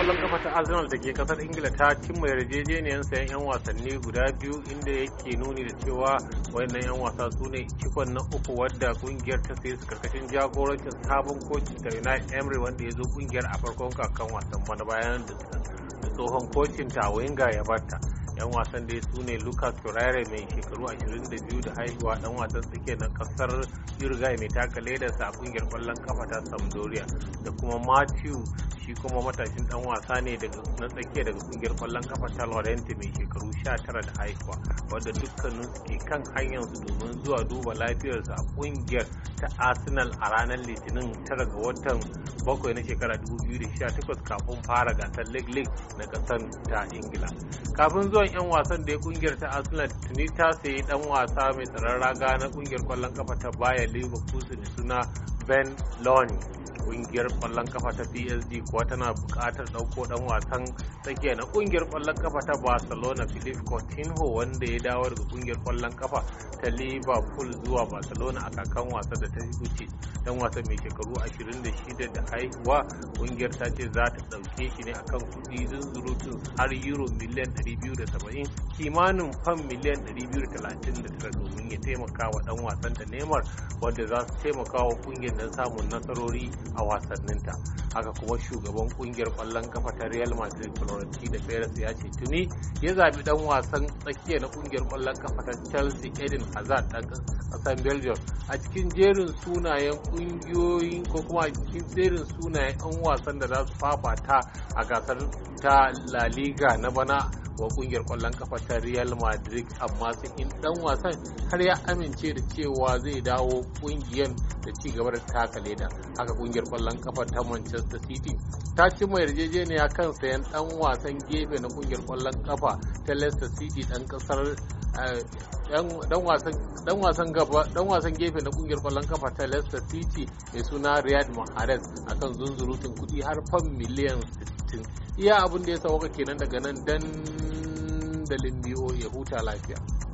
kwallon kafa ta Arsenal da ke kasar Ingila ta cimma yarjejeniyar sayan 'yan wasanni guda biyu inda yake nuni da cewa wayannan 'yan wasa su ne cikon na uku wadda kungiyar ta sayi su karkashin jagorancin sabon koci da United Emery wanda ya zo kungiyar a farkon kakan wasan bana bayan da tsohon kocin ta Wenger ya bata. 'yan wasan da su ne lucas turare mai shekaru 22 da haihuwa dan wasan tsakiya na kasar uruguay mai taka ledarsa a kungiyar kwallon kafa ta sampdoria da kuma matthew shi kuma matashin dan wasa ne na tsakiya daga kungiyar kwallon kafa ta Lorenti mai shekaru 19 da haihuwa wadda dukkanin ke kan hanyar su domin zuwa duba lafiyarsu a kungiyar ta arsenal a ranar litinin tara ga watan bakwai na shekara 2018 kafin fara gasar league league na kasar ta ingila kafin zuwan 'yan wasan da ya kungiyar ta arsenal tuni ta sayi dan wasa mai tsararraga na kungiyar kwallon kafa ta baya liverpool suna ben lonnie kungiyar kwallon kafa ta psd kuwa tana bukatar dauko dan wasan tsakiya na kungiyar kwallon kafa ta barcelona philip coutinho wanda ya dawo daga kungiyar kwallon kafa ta liverpool zuwa barcelona a kakan wasa da ta wuce dan wasa mai shekaru 26 da haihuwa kungiyar ta ce za ta dauki ɗauke shi ne akan kuɗi zunzurutun har euro miliyan 270 kimanin fam miliyan 239 domin ya taimaka wa ɗan wasan da neymar wanda za su taimaka wa ƙungiyar don samun nasarori a wasanninta haka kuma shugaban ƙungiyar ƙwallon kafa ta real madrid da perez ya ce tuni ya zabi ɗan wasan tsakiya na ƙungiyar ƙwallon kafa ta chelsea edin hazard ɗan ƙasar belgium a cikin jerin sunayen ƙungiyoyin ko kuma a cikin jerin sunayen 'yan wasan da za su fafata a gasar ta La Liga na bana wa kungiyar kwallon kafa ta Real Madrid amma sai in dan wasan har ya amince da cewa zai dawo kungiyar da ci gaba da taka leda haka kungiyar kwallon kafa ta Manchester City ta ci mai yarjejeniya kan sayan dan wasan gefe na kungiyar kwallon kafa ta Leicester City dan kasar dan wasan gaba dan wasan gefe na kungiyar kwallon kafa ta Leicester City mai suna Riyad Mahrez akan zunzurutun kudi har fam miliyan 60 iya abin da ya sauka kenan daga nan dan dandalin biyo ya huta lafiya